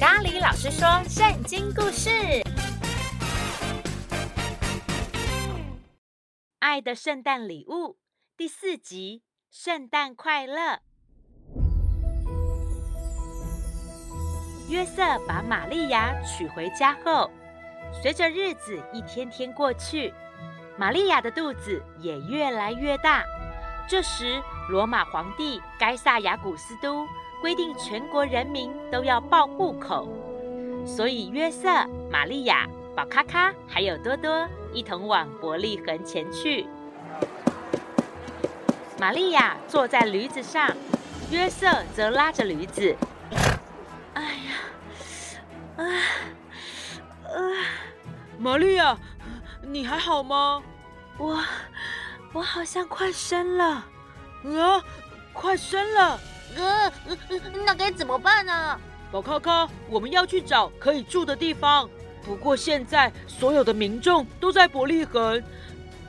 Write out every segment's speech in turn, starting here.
咖喱老師說：“聖經故事，《愛的聖誕禮物》第四集，《聖誕快樂》。約瑟把瑪利亞娶回家後，隨着日子一天天過去，瑪利亞的肚子也越來越大。這時，羅馬皇帝該撒亞古斯都。”規定全國人民，都要報戶口。所以約瑟、瑪利亞、寶咖咖還有多多一同往伯利恆前去。瑪利亞坐在驢子上，約瑟則拉着驢子。哎呀，啊、呃，啊、呃，瑪利亞，你還好嗎？我，我好像快生了。啊、呃，快生了！哥，那該怎麼辦呢、啊？寶咖咖，我們要去找可以住的地方。不過現在所有的民眾都在伯利恆，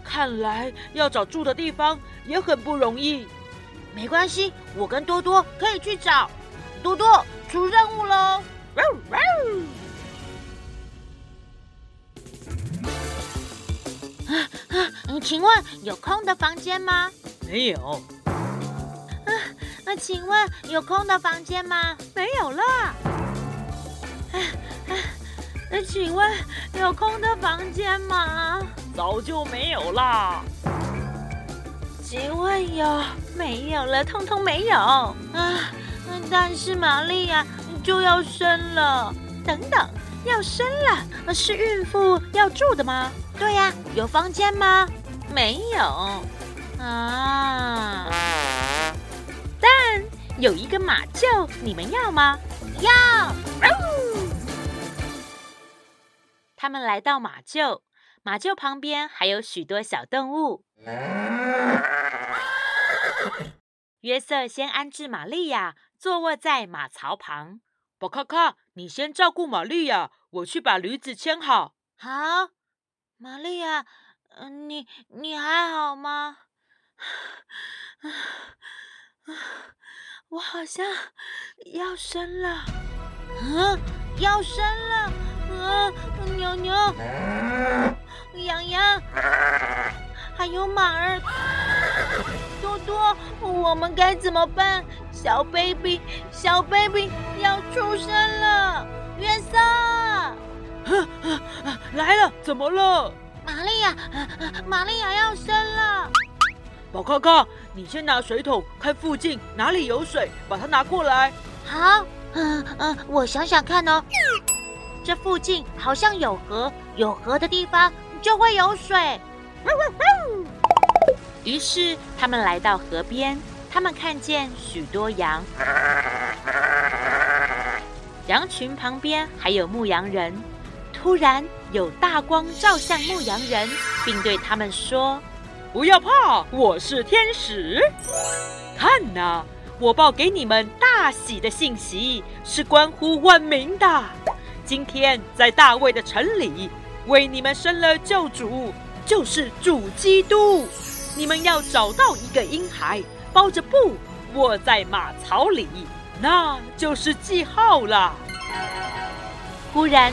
看來要找住的地方也很不容易。沒關係，我跟多多可以去找。多多出任務嘍！請問有空的房間嗎？沒有。請問有空的房間嗎？沒有了。那請問有空的房間嗎？早就沒有了。請問有？沒有了，通通沒有。啊，但是瑪利亞，就要生了。等等，要生了，是孕婦要住的嗎？對呀、啊，有房間嗎？沒有。啊。有一個馬廄，你們要嗎？要。呃、他們來到馬廄，馬廄旁邊還有許多小動物。啊、約瑟先安置瑪利亞，坐臥在馬槽旁。寶咖咖，你先照顧瑪利亞，我去把驢子牽好。好、啊，瑪利亞，呃、你你還好嗎？我好像要生了，嗯、啊，要生了，嗯、啊，牛牛，羊羊，還有馬兒，多多，我們該怎麼辦？小 baby，小 baby 要出生了，約瑟，來了，怎麼了？瑪利亞，瑪利亞要生了，寶咖咖。你先拿水桶，看附近哪裡有水，把它拿過來。好，嗯嗯，我想想看哦。這附近好像有河，有河的地方就會有水。於是他們來到河邊，他們看見許多羊，羊群旁邊還有牧羊人。突然有大光照向牧羊人，並對他們說。不要怕，我是天使。看哪，我報給你們大喜的信息，是關乎萬民的。今天在大衛的城裡，為你們生了救主，就是主基督。你們要找到一個嬰孩，包着布，臥在馬槽裡，那就是記號了。忽然，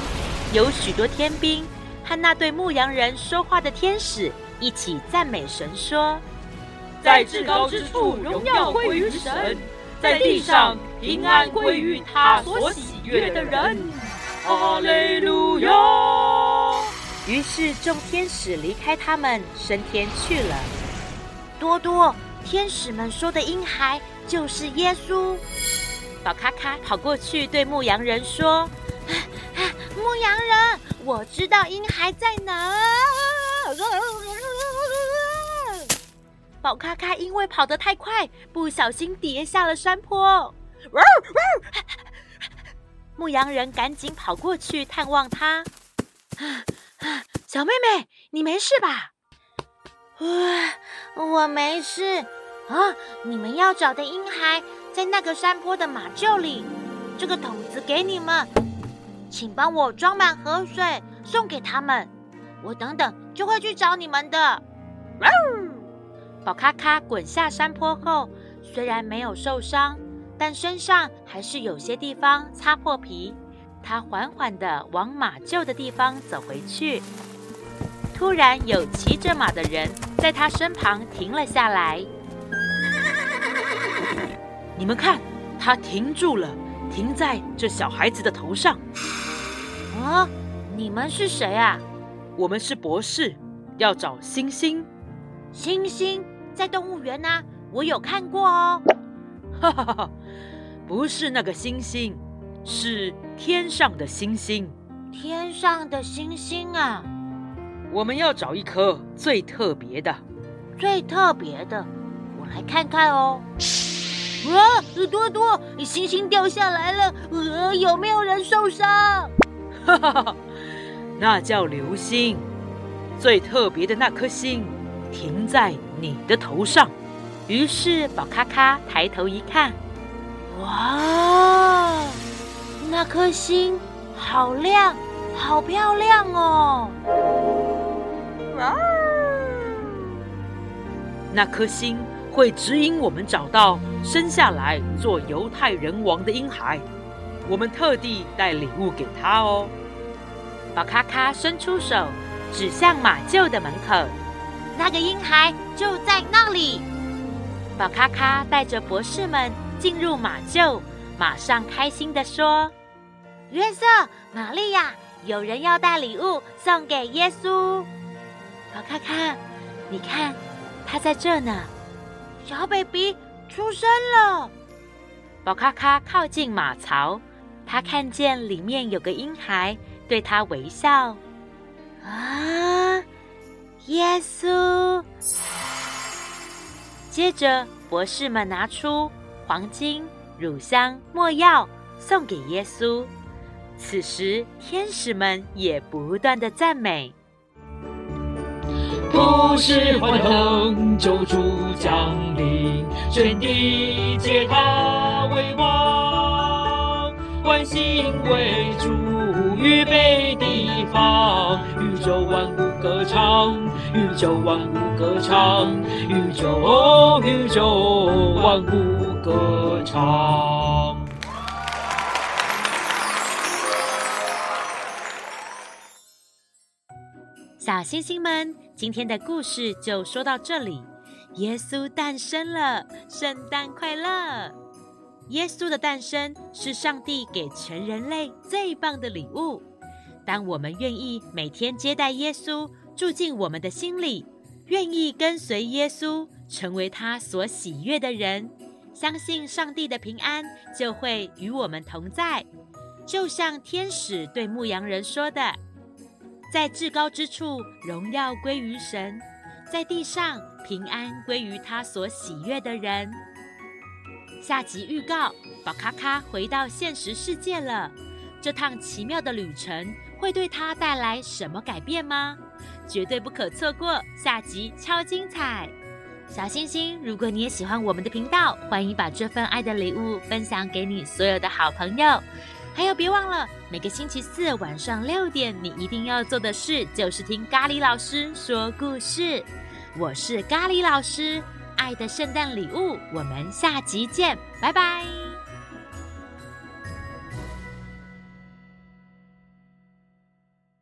有許多天兵和那對牧羊人說話的天使。一起讚美神說，在至高之處榮耀歸於神，在地上平安歸於他所喜悅的人。哈利路亞。於是眾天使離開他們，升天去了。多多，天使們說的嬰孩就是耶穌。寶咖咖跑過去對牧羊人說，啊，啊：“牧羊人，我知道嬰孩在哪。”寶咖咖因為跑得太快，不小心跌下了山坡。呃呃、 牧羊人趕緊跑過去探望他。 小妹妹，你沒事吧？我沒事。啊，你們要找的嬰孩在那個山坡的馬廄裡。這個桶子給你們，請幫我裝滿河水送給他們。我等等就會去找你們的。呃寶咖咖滾下山坡後，雖然沒有受傷，但身上還是有些地方擦破皮。他緩緩地往馬廄的地方走回去，突然有騎着馬的人在他身旁停了下來。你們看，他停住了，停在這小孩子的頭上。啊、哦，你們是誰啊？我們是博士，要找星星。星星。在動物園呢、啊，我有看過哦。哈,哈哈哈，不是那個星星，是天上的星星。天上的星星啊！我們要找一顆最特別的。最特別的，我來看看哦。哇、啊呃，多多，你星星掉下來了、呃，有沒有人受傷？哈,哈哈哈，那叫流星，最特別的那顆星。停在你的頭上。於是寶咖咖抬頭一看，哇，那顆星好亮，好漂亮哦！哇那顆星會指引我們找到生下來做猶太人王的嬰孩。我們特地帶禮物給他哦。寶咖咖伸出手指向馬廄的門口。那個嬰孩就在那裡。寶咖咖帶着博士們進入馬廄，馬上開心地說：“約瑟、瑪利亞，有人要帶禮物送給耶穌。寶咖咖，你看，他在這呢，小 baby 出生了。”寶咖咖靠近馬槽，他看見裡面有個嬰孩，對他微笑。啊。耶穌。接着，博士們拿出黃金、乳香、沒藥，送給耶穌。此時，天使們也不斷的讚美。普世歡騰，救主降臨，全地皆他為王，萬心為主，預備地方，宇宙萬物歌唱，宇宙萬物歌唱，宇宙宇宙萬物歌唱。小星星們，今天的故事就說到這裡。耶穌誕生了，聖誕快樂！耶穌的誕生是上帝給全人類最棒的禮物。當我們願意每天接待耶穌，住進我們的心裡，願意跟隨耶穌成為他所喜悅的人，相信上帝的平安就會與我們同在。就像天使對牧羊人說的：“在至高之處，榮耀歸於神；在地上，平安歸於他所喜悅的人。”下集預告：寶咖咖回到現實世界了，這趟奇妙的旅程會對她帶來什麼改變嗎？絕對不可錯過，下集超精彩！小星星，如果你也喜歡我們的頻道，歡迎把這份愛的禮物分享給你所有的好朋友。還有，別忘了每個星期四晚上六點，你一定要做的事就是聽咖喱老師說故事。我是咖喱老師。愛的聖誕禮物，我們下集見，拜拜。